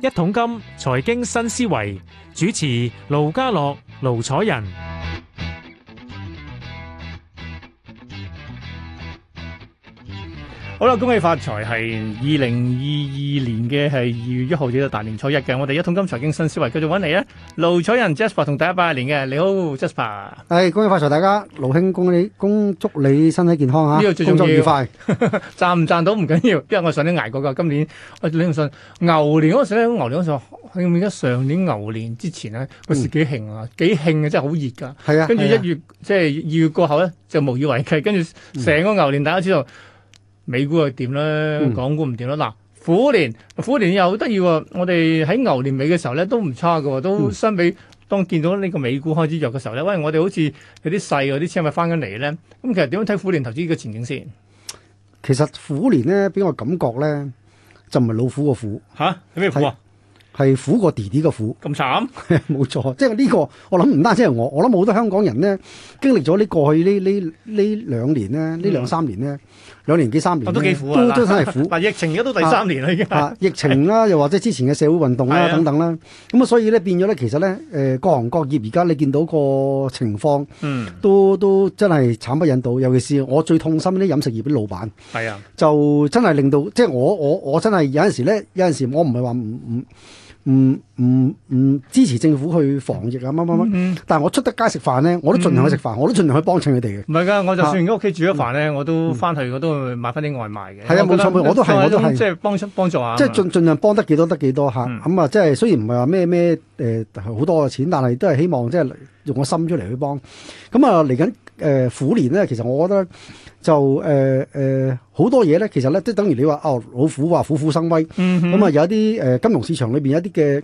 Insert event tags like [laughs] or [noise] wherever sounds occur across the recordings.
一桶金財經新思維，主持盧家樂、盧楚仁。好啦，恭喜發財！係二零二二年嘅係二月一號至到大年初一嘅。我哋一桶金財經新思維繼續揾你啊！盧楚仁 Jasper 同大家拜年嘅，你好 Jasper。係恭喜發財，大家盧兄，恭喜，恭祝你身體健康嚇，工作愉快。賺唔賺到唔緊要，因為我上年捱過噶。今年你唔信牛年嗰陣，牛年嗰陣，你唔記得上年牛年之前咧，嗰時幾興啊，幾興嘅，真係好熱噶。係啊，跟住一月即係二月過後咧，就無以為繼。跟住成個牛年，大家知道。美股又點咧？港股唔點咧？嗱、嗯啊，虎年，虎年又好得意喎！我哋喺牛年尾嘅時候咧，都唔差㗎，都相比當見到呢個美股開始弱嘅時候咧，喂，我哋好似有啲細嗰啲車咪翻緊嚟咧。咁、嗯、其實點樣睇虎年投資嘅前景先？其實虎年咧，俾我感覺咧，就唔係老虎個虎吓，有咩虎啊？係苦過弟弟嘅苦，咁慘，冇錯。即係呢個，我諗唔單止係我，我諗好多香港人咧，經歷咗呢過去呢呢呢兩年咧，呢兩三年咧，兩年幾三年，都幾苦。都真係苦。疫情而家都第三年啦，已經。疫情啦，又或者之前嘅社會運動啦，等等啦，咁啊，所以咧變咗咧，其實咧，誒各行各業而家你見到個情況，嗯，都都真係慘不忍睹。尤其是我最痛心啲飲食業啲老闆，係啊，就真係令到，即係我我我真係有陣時咧，有陣時我唔係話唔唔。唔唔唔支持政府去防疫啊！乜乜乜，但係我出得街食飯咧，我都盡量去食飯，嗯、哼我都盡量去幫襯佢哋嘅。唔係噶，我就算喺屋企煮咗飯咧，嗯、我都翻去我都會買翻啲外賣嘅。係啊的，冇錯，我都係，我都係，即係幫幫助啊！即係盡盡量幫得幾多得幾多吓。咁啊，即係、嗯嗯就是、雖然唔係話咩咩誒好多嘅錢，但係都係希望即係用個心出嚟去幫。咁啊，嚟緊。誒虎、呃、年咧，其實我覺得就誒誒好多嘢咧，其實咧即等於你話啊、哦，老虎話虎虎生威，咁啊有一啲誒金融市場裏邊一啲嘅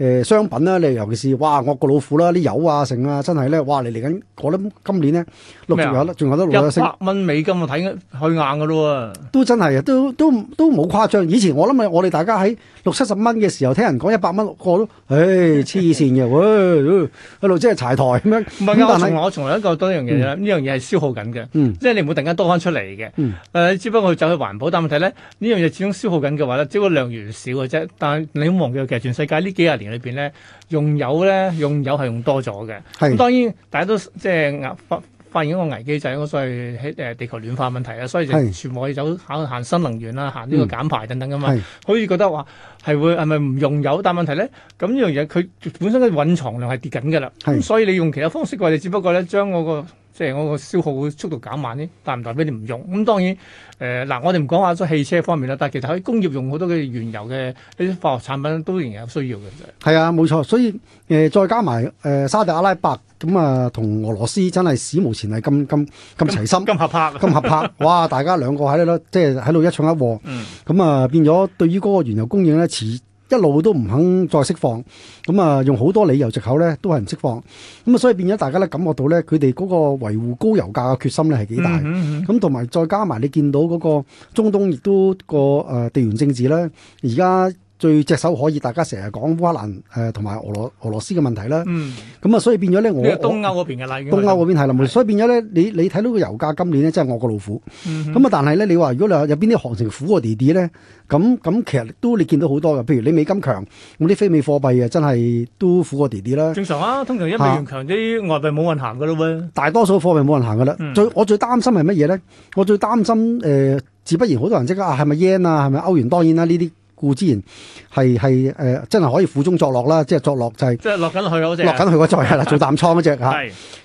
誒商品啦，你尤其是哇惡過老虎啦，啲油啊成啊，真係咧哇你嚟緊，我諗今年呢，六月有仲麼有得一百蚊美金啊睇去硬嘅咯喎，都真係啊，都都都冇誇張。以前我諗咪我哋大家喺六七十蚊嘅時候，聽人講一百蚊六個咯，唉黐線嘅，一路即係柴台咁樣。唔係是，我從來我從來都講多一樣嘢，呢樣嘢係消耗緊嘅，嗯、即係你唔會突然間多翻出嚟嘅。誒、嗯呃，只不過走去環保，但問題咧，呢樣嘢始終消耗緊嘅話咧，只不過量越少嘅啫。但係你唔忘記，其實全世界呢幾廿年裏邊咧，用油咧用油係用多咗嘅。咁的當然大家都即係壓、啊發現一個危機就係我所謂誒地球暖化問題啊，所以就全部可以走行行新能源啦，行呢個減排等等噶嘛。好似、嗯、覺得話係會係咪唔用油？但問題咧，咁呢樣嘢佢本身嘅蘊藏量係跌緊噶啦。咁是所以你用其他方式嘅話，你只不過咧將我個。即係我個消耗嘅速度減慢咧，但唔代表你唔用。咁當然，誒、呃、嗱，我哋唔講話咗汽車方面啦，但係其實喺工業用好多嘅原油嘅啲化學產品都仍然有需要嘅。係啊，冇錯。所以誒、呃，再加埋誒、呃、沙特阿拉伯咁啊，同、嗯、俄羅斯真係史無前例咁咁咁齊心。咁合拍，咁 [laughs] 合拍。哇！大家兩個喺度 [laughs] 即係喺度一唱一和。嗯。咁啊、嗯，變咗對於嗰個原油供應咧，似。一路都唔肯再釋放，咁、嗯、啊用好多理由藉口咧，都係唔釋放，咁、嗯、啊所以變咗大家咧感覺到咧，佢哋嗰個維護高油價嘅決心咧係幾大，咁同埋再加埋你見到嗰個中東亦都、嗰個誒、呃、地緣政治咧，而家。最隻手可以，大家成日講烏克蘭誒同埋俄羅俄羅斯嘅問題啦。嗯，咁啊、嗯，所以變咗咧，我東歐嗰邊嘅啦，東歐嗰邊係啦，是的 所以變咗咧，你你睇到個油價今年咧真係惡過老虎。咁啊、嗯哼，但係咧，你話如果你有邊啲行情苦過弟弟咧？咁咁其實都你見到好多嘅，譬如你美金強，我啲非美貨幣啊，真係都苦過弟弟啦。正常啊，通常一美元強啲、啊、外幣冇人行嘅咯喎。嗯、大多數貨幣冇人行嘅啦。最我最擔心係乜嘢咧？我最擔心誒、呃，自不然好多人即刻啊，係咪 yen 啊？係咪歐元？當然啦、啊，呢啲。固之然係係誒，真係可以苦中作樂啦！即係作樂就係，即係落緊佢嗰隻，落緊去，個在係啦，做淡倉嗰隻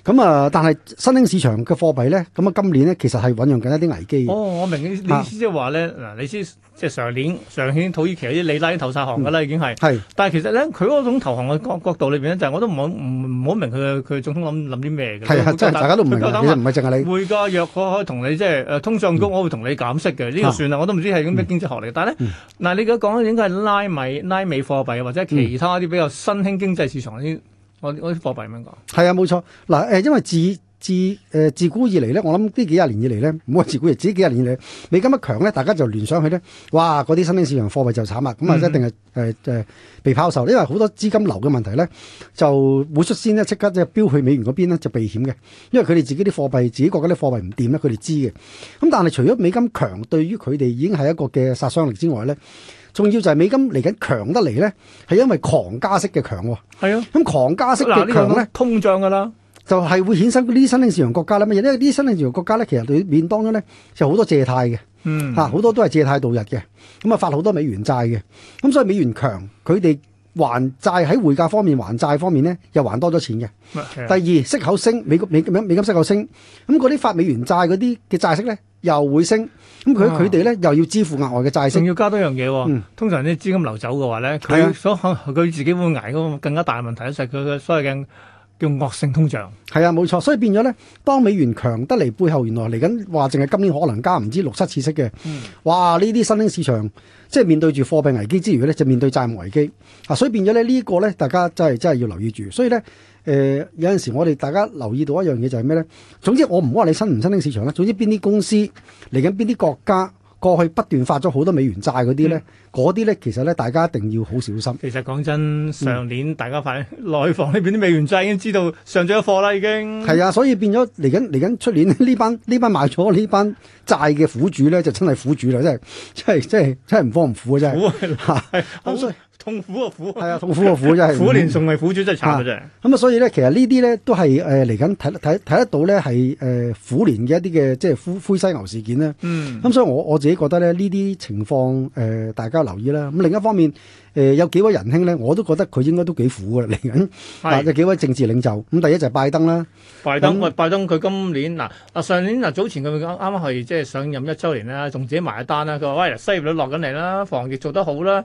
咁啊！但係新興市場嘅貨幣咧，咁啊，今年咧其實係醞釀緊一啲危機。哦，我明你意思，即係話咧，嗱，你先即係上年尚土耳其啲里拉啲投晒行噶啦，已經係係。但係其實咧，佢嗰種投行嘅角角度裏邊咧，就我都唔好唔唔好明佢佢總統諗諗啲咩嘅。係係，真係大家都唔明嘅，唔係淨係你會噶，若果可以同你即係誒通脹高，我會同你減息嘅。呢個算啦，我都唔知係咁咩經濟學嚟。但係咧，嗱，你而我應該係拉美、拉美貨幣或者其他啲比較新興經濟市場啲啲、嗯、貨幣咁樣講，係啊，冇錯嗱誒，因為自自誒、呃、自古以嚟咧，我諗呢幾廿年以嚟咧，唔好話自古以來 [laughs] 自己幾廿年以嚟，美金一強咧，大家就聯想起咧，哇！嗰啲新興市場貨幣就慘啦，咁啊一定係誒誒被拋售，因為好多資金流嘅問題咧，就會率先咧即刻即係飆去美元嗰邊咧就避險嘅，因為佢哋自己啲貨幣自己覺得啲貨幣唔掂咧，佢哋知嘅。咁但係除咗美金強對於佢哋已經係一個嘅殺傷力之外咧。重要就係美金嚟緊強得嚟咧，係因為狂加息嘅強喎。係啊，咁狂加息嘅強咧，啊這個、通脹噶啦，就係會衍生呢啲新興市場國家啦乜嘢？因為啲新興市場國家咧，其實裏面當中咧，就好多借貸嘅，吓好、嗯啊、多都係借貸度日嘅，咁啊發好多美元債嘅，咁所以美元強，佢哋。還債喺匯價方面，還債方面咧又還多咗錢嘅。的第二，息口升，美國美金美金息口升，咁嗰啲發美元債嗰啲嘅債息咧又會升，咁佢佢哋咧又要支付額外嘅債息。仲要加多樣嘢、哦，嗯、通常啲資金流走嘅話咧，佢所佢的自己會捱個更加大嘅問題，一齊佢嘅所有嘅。叫惡性通脹，係啊，冇錯，所以變咗咧，當美元強得嚟背後，原來嚟緊話淨係今年可能加唔知六七次息嘅，嗯、哇！呢啲新興市場即係面對住貨幣危機之餘咧，就面對債務危機啊！所以變咗咧呢、呢個咧，大家真係真係要留意住。所以咧，誒、呃、有陣時我哋大家留意到一樣嘢就係咩咧？總之我唔好話你新唔新興市場啦，總之邊啲公司嚟緊，邊啲國家。過去不斷發咗好多美元債嗰啲咧，嗰啲咧其實咧，大家一定要好小心。其實講真，上年大家發內房呢邊啲美元債已經知道上咗貨啦，已經。係、嗯嗯嗯、啊，所以變咗嚟緊嚟緊出年呢班呢班賣咗呢班債嘅苦主咧，就真係苦主啦，真係真係真係真係唔慌唔苦啊，真係。痛苦啊苦係啊，痛苦啊苦，苦真係，虎年仲係苦主真係慘啊真係。咁啊，所以咧，其實呢啲咧都係誒嚟緊睇睇睇得到咧，係誒虎年嘅一啲嘅即係灰灰犀牛事件咧。嗯，咁、嗯、所以我我自己覺得咧呢啲情況誒、呃，大家留意啦。咁另一方面。誒、呃，有幾位仁兄呢，我都覺得佢應該都幾苦噶嚟緊。嗱是、啊，有幾位政治領袖，咁、嗯、第一就係拜登啦。拜登喂，那拜登佢今年嗱，阿、啊、上年嗱早前佢啱啱係即係上任一周年啦，仲自己埋一單啦。佢話喂，失業率落緊嚟啦，防疫做得好啦，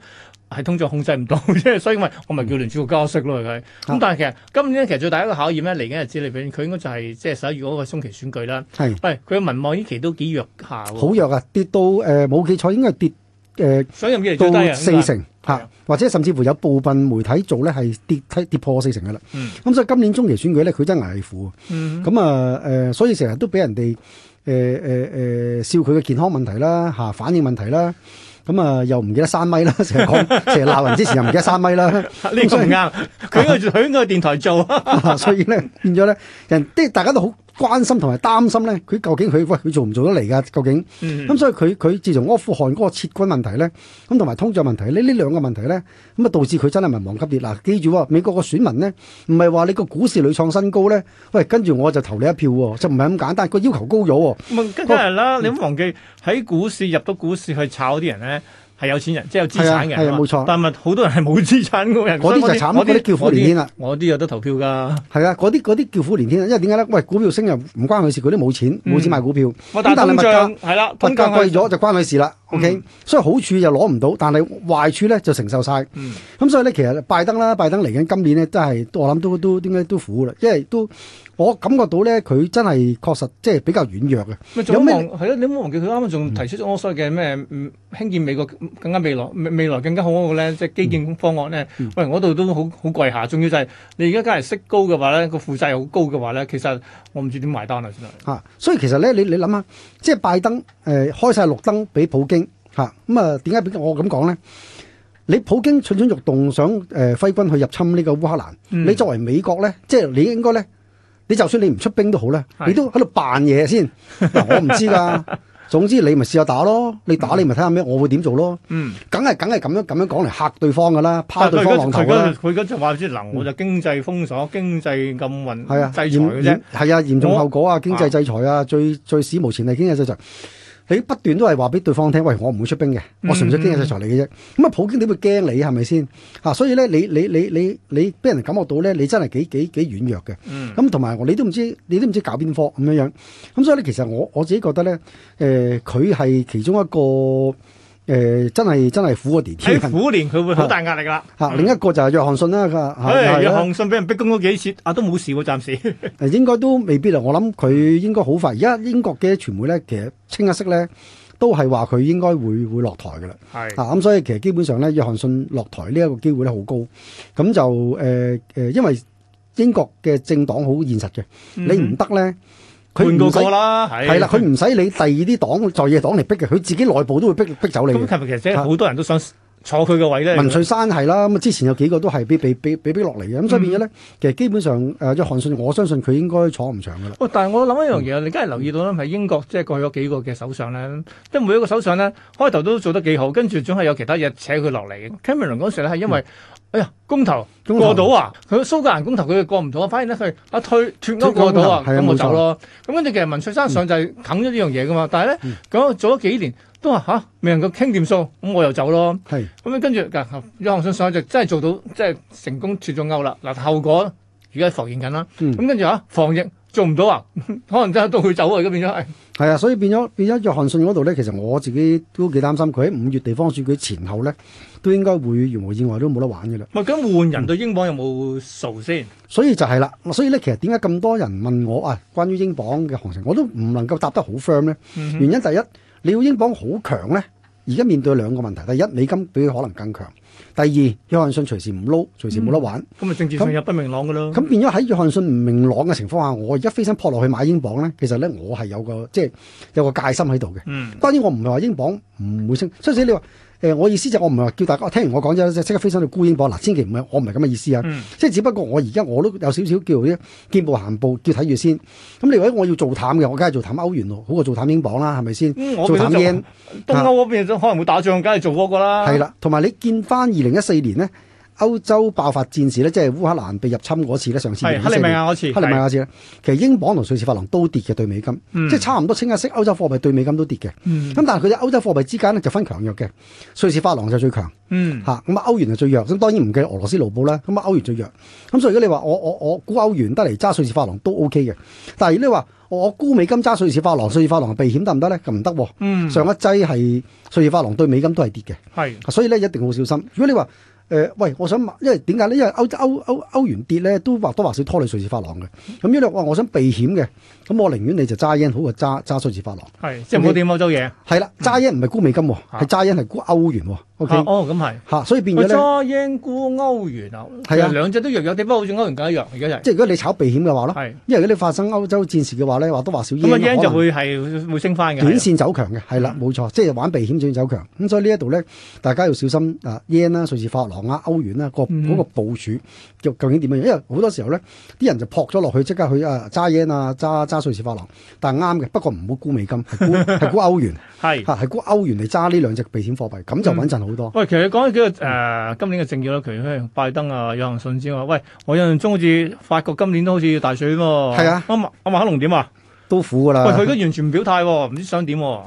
係、啊、通脹控制唔到，即 [laughs] 係所以咪我咪叫聯儲局加息咯。佢咁、嗯、是但係其實今年其實最大一個考驗呢，嚟緊日子裏邊，佢應該就係、是、即係十一月嗰個中期選舉啦。係喂是，佢嘅民望呢期，期都幾弱下，好的弱啊，跌到誒冇記錯，應該係跌。誒、呃、到四成嚇的、啊，或者甚至乎有部分媒體做咧係跌睇跌破四成嘅啦。咁所以今年中期選舉咧，佢真係危乎。咁、嗯、啊誒，所以成日都俾人哋誒誒誒笑佢嘅健康問題啦嚇、啊，反應問題啦。咁啊又唔記得三米閂咪啦，成日講成日鬧人之前又唔記得閂咪啦。呢個唔啱，佢應該佢應該電台做，所以咧變咗咧，人啲大家都好。關心同埋擔心咧，佢究竟佢喂佢做唔做得嚟噶？究竟，咁、嗯嗯、所以佢佢自從阿富汗嗰個撤軍問題咧，咁同埋通脹問題，呢，呢兩個問題咧，咁啊導致佢真係民望急跌。嗱，記住、哦，美國個選民咧，唔係話你個股市屢創新高咧，喂，跟住我就投你一票喎、哦，就唔係咁簡單，個要求高咗喎、哦。咁梗係啦，嗯、你唔忘記喺股市入到股市去炒啲人咧。係有錢人，即係有資產人啊！冇錯，錯，但係咪好多人係冇資產嘅，嗰啲就慘，嗰啲些些叫苦連天啦！我啲有得投票噶。係啊，嗰啲啲叫苦連天，啊，因為點解咧？喂，股票升又唔關佢事，佢啲冇錢，冇、嗯、錢買股票。咁、啊、但係物價係啦，物價貴咗就關佢事啦。OK，、嗯、所以好處又攞唔到，但係壞處咧就承受晒。咁、嗯、所以咧，其實拜登啦，拜登嚟緊今年咧，真係我諗都都點解都苦啦，因為都。我感覺到咧，佢真係確實即係比較軟弱嘅。有咩係啊？你冇忘記佢啱啱仲提出咗我所謂嘅咩？嗯，興建美國更加未來未來更加好嗰個咧，即係基建方案咧。嗯、喂，我度都好好貴下，仲要就係你而家梗係息高嘅話咧，個負債好高嘅話咧，其實我唔知點埋單啦先啊！嚇，所以其實咧，你你諗下，即係拜登誒、呃、開晒綠燈俾普京嚇咁啊？點、嗯、解我咁講咧？你普京蠢蠢欲動想誒揮、呃、軍去入侵呢個烏克蘭，嗯、你作為美國咧，即係你應該咧。你就算你唔出兵都好啦，的你都喺度扮嘢先。嗱， [laughs] 我唔知噶，總之你咪試下打咯。你打你咪睇下咩，我會點做咯。嗯，梗係梗係咁樣咁樣講嚟嚇對方噶啦，怕對方浪頭啦。佢嗰就話即係，能我就經濟封鎖、經濟禁運、的制裁嘅啫。係啊，嚴重後果啊，經濟制裁啊，好最最史無前例經濟制裁。你不斷都係話俾對方聽，喂，我唔會出兵嘅，我純粹制裁你嘅啫。咁啊、嗯，普京點會驚你係咪先？嚇、啊，所以咧，你你你你你，俾人感覺到咧，你真係幾幾幾軟弱嘅。咁同埋，你都唔知你都唔知搞邊科咁樣樣。咁、嗯、所以咧，其實我我自己覺得咧，誒、呃，佢係其中一個。誒、呃，真係真係苦，個 D T 喺虎年，佢會好大壓力啦。吓、啊，是另一個就係約翰遜啦，個誒的，的約翰遜俾人逼供咗幾次，啊，都冇事喎，暫時。誒， [laughs] 應該都未必啊。我諗佢應該好快。而家英國嘅傳媒咧，其實清一色咧，都係話佢應該會會落台噶啦。係是啊，咁所以其實基本上咧，約翰遜落台呢一個機會咧，好高。咁就誒誒、呃呃，因為英國嘅政黨好現實嘅，嗯、你唔得咧。佢唔使係啦，佢唔使你第二啲黨在野黨嚟逼嘅，佢自己內部都會逼逼走你。咁其實即係好多人都想坐佢嘅位咧、啊，文翠珊係啦，咁啊之前有幾個都係俾俾俾俾逼落嚟嘅，咁所以變咗咧，其實基本上誒，約翰遜我相信佢應該坐唔長噶啦。喂、哦，但係我諗一樣嘢你梗係留意到啦，係、嗯、英國即係、就是、過去幾個嘅首相咧，即係每一個首相咧開頭都做得幾好，跟住總係有其他嘢扯佢落嚟。卡梅倫嗰時咧係因為、嗯。哎呀，公投，公投過到啊！佢蘇格蘭公投佢又過唔到，反而咧佢阿退脫歐過到啊，咁是我走咯。咁跟住其實文翠珊上就係啃咗呢樣嘢噶嘛，但係咧咁做咗幾年都話嚇、啊、未能夠傾掂數，咁我又走咯。係咁樣跟住，約翰遜、呃、上就真係做到即係成功脫咗歐啦。嗱，後果而家浮現緊啦。咁跟住嚇防疫。做唔到啊？可能真係都會走啊！而家變咗係係啊，所以變咗變咗。約翰遜嗰度咧，其實我自己都幾擔心佢喺五月地方選舉前後咧，都應該會如無意外都冇得玩嘅啦。咪咁換人對英鎊有冇數先？所以就係啦。所以咧，其實點解咁多人問我啊、哎？關於英鎊嘅行情，我都唔能夠答得好 firm 咧。嗯、哼原因第一，你要英鎊好強咧，而家面對兩個問題。第一，美金比佢可能更強。第二，約翰遜隨時唔撈，隨時冇得玩。咁咪、嗯、政治上又不明朗嘅咯。咁變咗喺約翰遜唔明朗嘅情況下，我而家飛身撲落去買英鎊咧，其實咧我係有個即係有個戒心喺度嘅。嗯、當然我唔係話英鎊唔會升，即使你話誒、呃，我意思就我唔係話叫大家聽完我講咗即刻飛身去沽英鎊嗱，千祈唔係我唔係咁嘅意思啊。嗯、即係只不過我而家我都有少少叫啲見步行步，叫睇住先。咁你話我要做淡嘅，我梗係做淡歐元喎，好過做淡英鎊啦，係咪先？嗯、做淡英我做東歐嗰邊都可能會打仗，梗係做嗰個啦。係啦，同埋你見翻零一四年咧。歐洲爆發戰事，咧，即係烏克蘭被入侵嗰次咧，上次係克里米亞嗰次，克里米亞嗰次咧，是其實英鎊同瑞士法郎都跌嘅對美金，嗯、即係差唔多清一色。歐洲貨幣對美金都跌嘅，咁、嗯、但係佢哋歐洲貨幣之間咧就分強弱嘅，瑞士法郎就最強，嚇咁、嗯、啊歐元就最弱。咁當然唔計俄羅斯盧布啦，咁啊歐元最弱。咁所以如果你話我我我沽歐元得嚟揸瑞士法郎都 OK 嘅，但係如果你話我沽美金揸瑞士法郎，瑞士法郎，瑞士法郎避險得唔得咧？咁唔得，嗯、上一劑係瑞士法郎對美金都係跌嘅，係是、啊，所以咧一定好小心。如果你話誒、呃、喂，我想問，因為點解咧？因為歐歐歐歐，歐元跌咧，都或多或少拖累瑞士法郎嘅。咁因為我我想避險嘅，咁我寧願你就揸 yen 好過揸揸瑞士法郎。係是，Okay? 即係唔好掂歐洲嘢。係啦、嗯，揸 yen 唔係沽美金，係揸 yen 係沽歐元。Okay. 啊、哦，咁係嚇，所以變咗咧。揸英鎊歐元啊，係啊，兩隻都弱弱地，不過好似歐元更加弱。而家就係、即係如果你炒避險嘅話咯，係是，因為如果你發生歐洲戰事嘅話咧，話都話少，英鎊可能會係會升翻嘅。短線走強嘅，係啦、啊，冇、嗯啊、錯，即係玩避險就要走強。咁所以呢一度咧，大家要小心啊 yen 啦、啊、瑞士法郎啊、歐元啦、啊那個嗰、嗯、個部署究竟點樣？因為好多時候咧，啲人就撲咗落去，即刻去啊揸 yen 啊、揸揸瑞士法郎，但係啱嘅，不過唔好沽美金，係沽係歐元，係嚇係沽歐元嚟揸呢兩隻避險貨幣，咁就穩陣、嗯。好多喂，其實你講緊幾個誒，今年嘅政要啦，譬如拜登啊、約翰遜之嘛，喂，我印象中好似法國今年都好似要大選喎。係啊，阿阿、啊啊、馬克龍點啊？都苦噶啦。佢都完全唔表態、啊，唔知想點、啊。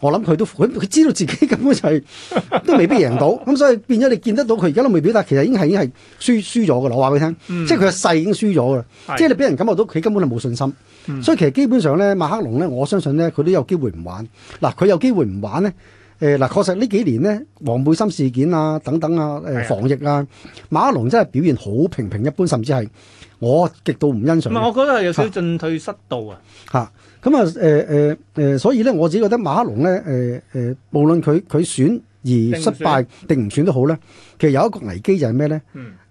我諗佢都佢佢知道自己根本就係、是、都未必贏到，咁 [laughs] 所以變咗你見得到佢而家都未表態，其實已經係已經係輸輸咗噶啦。我話俾你聽，嗯、即係佢嘅勢已經輸咗噶啦。的即係你俾人感覺到佢根本就冇信心，嗯、所以其實基本上咧，馬克龍咧，我相信咧，佢都有機會唔玩。嗱，佢有機會唔玩咧。誒嗱，確實呢幾年呢，黃背心事件啊，等等啊，誒防疫啊，馬克龍真係表現好平平一般，甚至係我極度唔欣賞。唔係，我覺得係有少少進退失道啊！嚇咁啊誒誒誒，所以咧，我自己覺得馬克龍咧誒誒，無論佢佢選而失敗定唔選都好咧，其實有一個危機就係咩咧？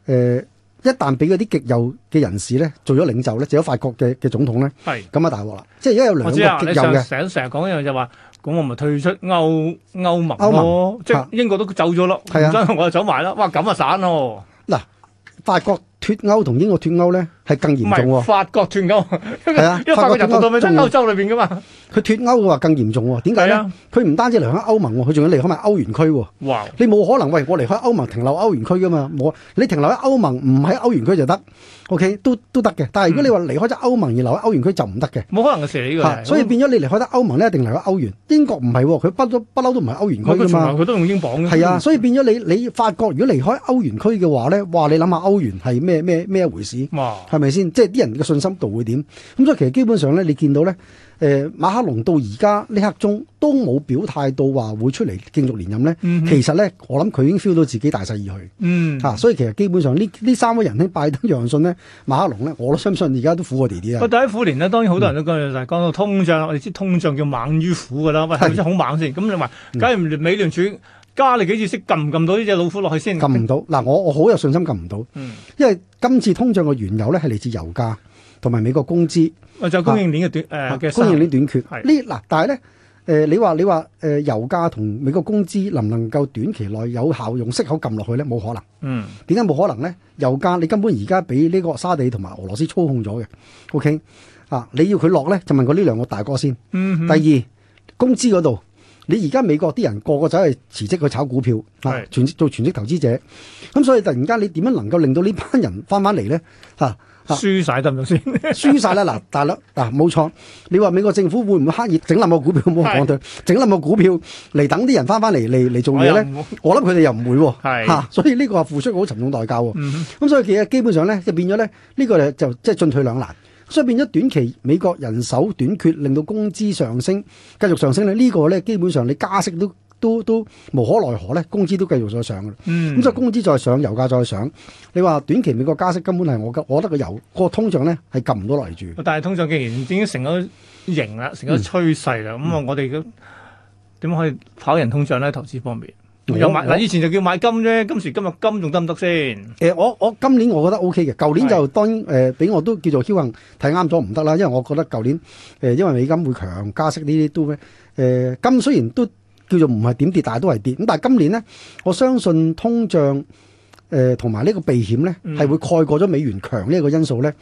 誒，一旦俾嗰啲極右嘅人士咧做咗領袖咧，做咗法國嘅嘅總統咧，咁啊大鑊啦！即係而家有兩個極右嘅。成日講一樣就話。咁我咪退出歐歐盟咯，盟即係、啊、英國都走咗咯，係、啊、我又走埋啦。哇，咁啊散咯！嗱，法國脱歐同英國脱歐咧？係更嚴重喎，法國脱歐，係啊，因為法國入到去真歐洲裏邊噶嘛？佢脱歐嘅話更嚴重喎，點解咧？佢唔單止離開歐盟，佢仲要離開埋歐元區喎。哇！你冇可能喂，我離開歐盟停留歐元區噶嘛？冇，你停留喺歐盟唔喺歐元區就得，OK 都都得嘅。但係如果你話離開咗歐盟而留喺歐元區就唔得嘅，冇可能嘅事嚟嘅。所以變咗你離開得歐盟咧，一定離開歐元。英國唔係喎，佢不不嬲都唔係歐元區㗎嘛。佢都用英鎊嘅。啊，所以變咗你你法國如果離開歐元區嘅話咧，哇！你諗下歐元係咩咩咩一回事？係咪先？即係啲人嘅信心度會點？咁所以其實基本上咧，你見到咧，誒，馬克龍到而家呢刻鐘都冇表態到話會出嚟競逐連任咧。其實咧，我諗佢已經 feel 到自己大勢而去。嗯，吓，所以其實基本上呢呢三個人咧，拜登、楊信呢，馬克龍呢，我都相信而家都苦我弟啲啊。第一虎年呢，當然好多人都講就係講到通脹，我哋知通脹叫猛於虎噶啦。喂，係咪先好猛先？咁你話，嗯、假如唔連美聯儲。加你幾次識撳唔撳到呢隻老虎落去先？撳唔到嗱，我我好有信心撳唔到，嗯、因為今次通脹嘅源由咧係嚟自油價同埋美國工資，啊就供應鏈嘅短誒供、呃啊、應鏈短缺，係呢嗱，但係咧誒你話你話誒、呃、油價同美國工資能唔能夠短期內有效用，用息口撳落去咧？冇可能，嗯，點解冇可能咧？油價你根本而家俾呢個沙地同埋俄羅斯操控咗嘅，OK 啊，啊，啊？你要佢落咧，就問過呢兩個大哥先。第二、嗯、哼第二工資嗰度。你而家美國啲人個個走係辭職去炒股票，是啊，全職做全職投資者，咁所以突然間你點樣能夠令到回回呢班人翻翻嚟咧？嚇、啊，啊、輸晒得唔得先？輸晒啦！嗱，大佬嗱，冇錯，你話美國政府會唔會刻意整冧個股票冇講是對，整冧個股票嚟等啲人翻翻嚟嚟嚟做嘢咧？我諗佢哋又唔會喎、啊，嚇是、啊！所以呢個係付出好沉重代價喎、啊。咁、嗯嗯、所以其實基本上咧，就變咗咧，呢、這個就即係進退兩難。所以變咗短期美國人手短缺，令到工資上升，繼續上升咧。這個、呢個咧基本上你加息都都都無可奈何咧，工資都繼續再上嘅。嗯，咁所以、嗯、工資再上，油價再上。你話短期美國加息根本係我，我覺得個油、個通脹咧係撳唔到落嚟住。但係通脹既然已經成咗型啦，成咗趨勢啦，咁啊、嗯、我哋嘅點可以跑贏通脹咧？投資方面？又買嗱，以前就叫買金啫，今時今日金仲得唔得先？誒、呃，我我今年我覺得 O K 嘅，舊年就當然俾、呃、我都叫做僥倖睇啱咗唔得啦，因為我覺得舊年誒、呃，因為美金會強，加息呢啲都誒、呃、金雖然都叫做唔係點跌，但係都係跌。咁但係今年咧，我相信通脹誒同埋呢個避險咧，係會蓋過咗美元強呢一個因素咧。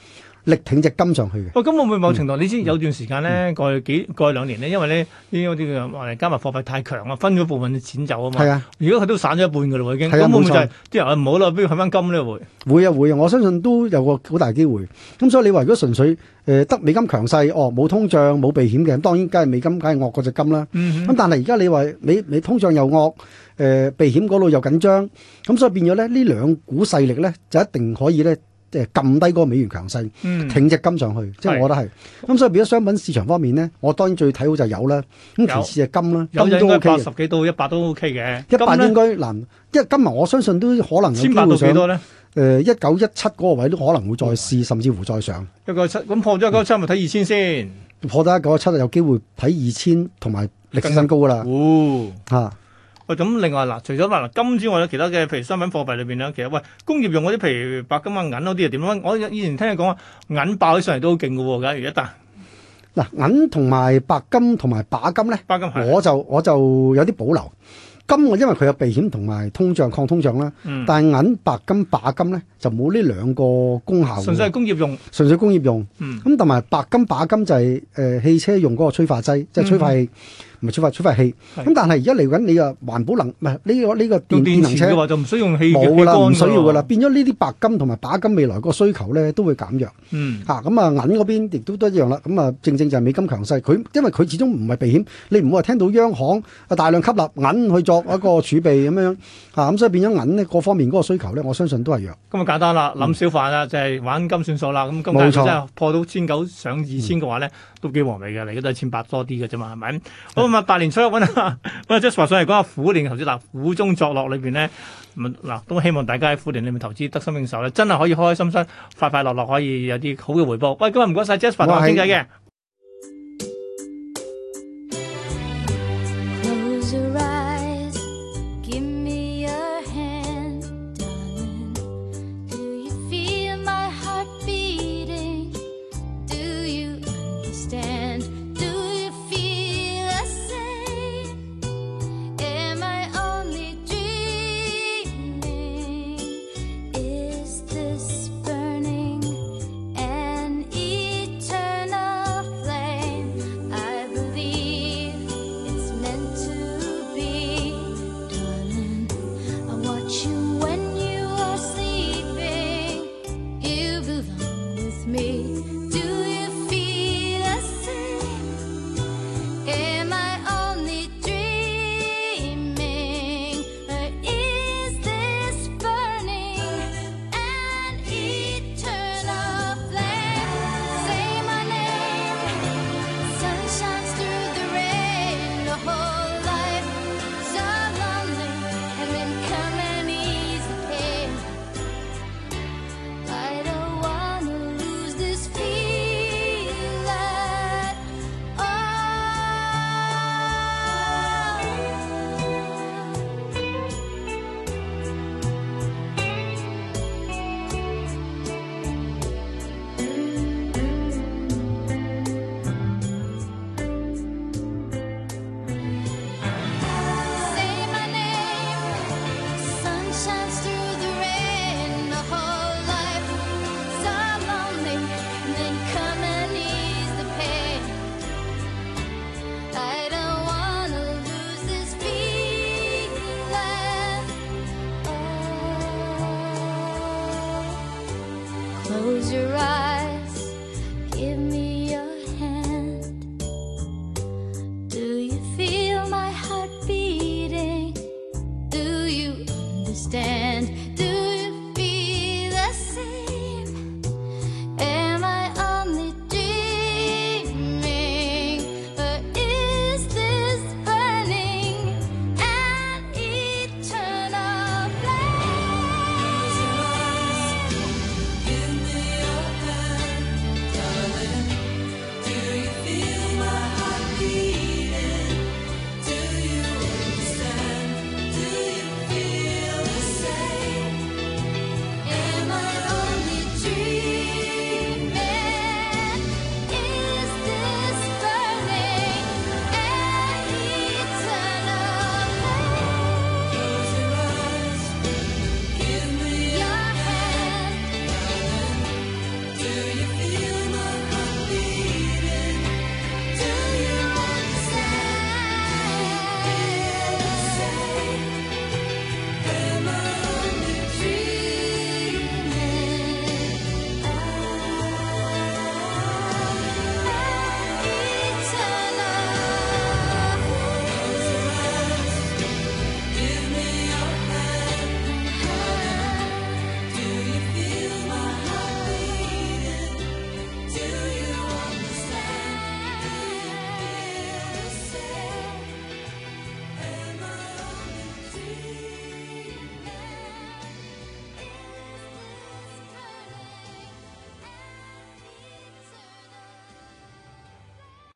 力挺隻金上去嘅。喂、哦，咁會唔會某程度，嗯、你知有段時間咧，嗯、過去幾過去兩年咧，因為咧呢嗰啲話嚟加密貨幣太強啊，分咗部分嘅錢走啊嘛。係啊，而家佢都散咗一半噶啦，已經根本、啊、就係啲人唔好啦，不如揾翻金呢？會會啊會啊，我相信都有個好大機會。咁所以你話如果純粹誒、呃、得美金強勢，哦冇通脹冇避險嘅，當然梗係美金梗係惡過隻金啦。咁、嗯、但係而家你話美美通脹又惡誒、呃、避險嗰度又緊張，咁所以變咗咧呢兩股勢力咧就一定可以咧。即係撳低嗰個美元強勢，挺隻金上去，即係我覺得係。咁所以變咗商品市場方面咧，我當然最睇好就油啦，咁其次就金啦。油都 OK，十幾到一百都 OK 嘅。一百應該嗱，因為今日我相信都可能有機會千八到幾多咧？誒，一九一七嗰個位都可能會再試，甚至乎再上。一九一七，咁破咗一九一七，咪睇二千先。破咗一九一七，就有機會睇二千同埋歷史新高噶啦。哦，喂，咁另外嗱，除咗嗱金之外咧，其他嘅譬如商品貨幣裏邊咧，其實喂工業用嗰啲，譬如白金啊、銀嗰啲啊，點咧？我以前聽你講話銀爆起上嚟都好勁嘅喎，而家，一嗱銀同埋白金同埋把金咧，我就我就有啲保留金，嗯、金，我因為佢有避險同埋通脹抗通脹啦。但但銀白金把金咧就冇呢兩個功效。純粹，工業用純粹工業用，純粹工業用。咁同埋白金把金就係誒汽車用嗰個催化劑，即、就、係、是、催化器。嗯唔係催化催化氣，咁但係而家嚟緊你個環保能唔係呢個呢個電能車嘅話就唔需要用氣嘅啦，唔需要噶啦，變咗呢啲白金同埋鈀金未來個需求咧都會減弱。嗯，嚇咁啊銀嗰邊亦都一樣啦。咁啊正正就係美金強勢，佢因為佢始終唔係避險，你唔會話聽到央行啊大量吸納銀去作一個儲備咁樣嚇，咁所以變咗銀呢，各方面嗰個需求咧，我相信都係弱。咁啊簡單啦，諗少飯啦，就係玩金算數啦。咁金價真係破到千九上二千嘅話咧，都幾和味嘅，嚟緊都係千八多啲嘅啫嘛，係咪？大年初一搵啊！喂，Jasper，上嚟講下苦年投資嗱，苦中作樂裏邊咧，嗱都希望大家喺苦年裏面投資得心應手咧，真係可以開開心心、快快樂樂，可以有啲好嘅回報。喂，今日唔該晒 Jasper 同我傾偈嘅。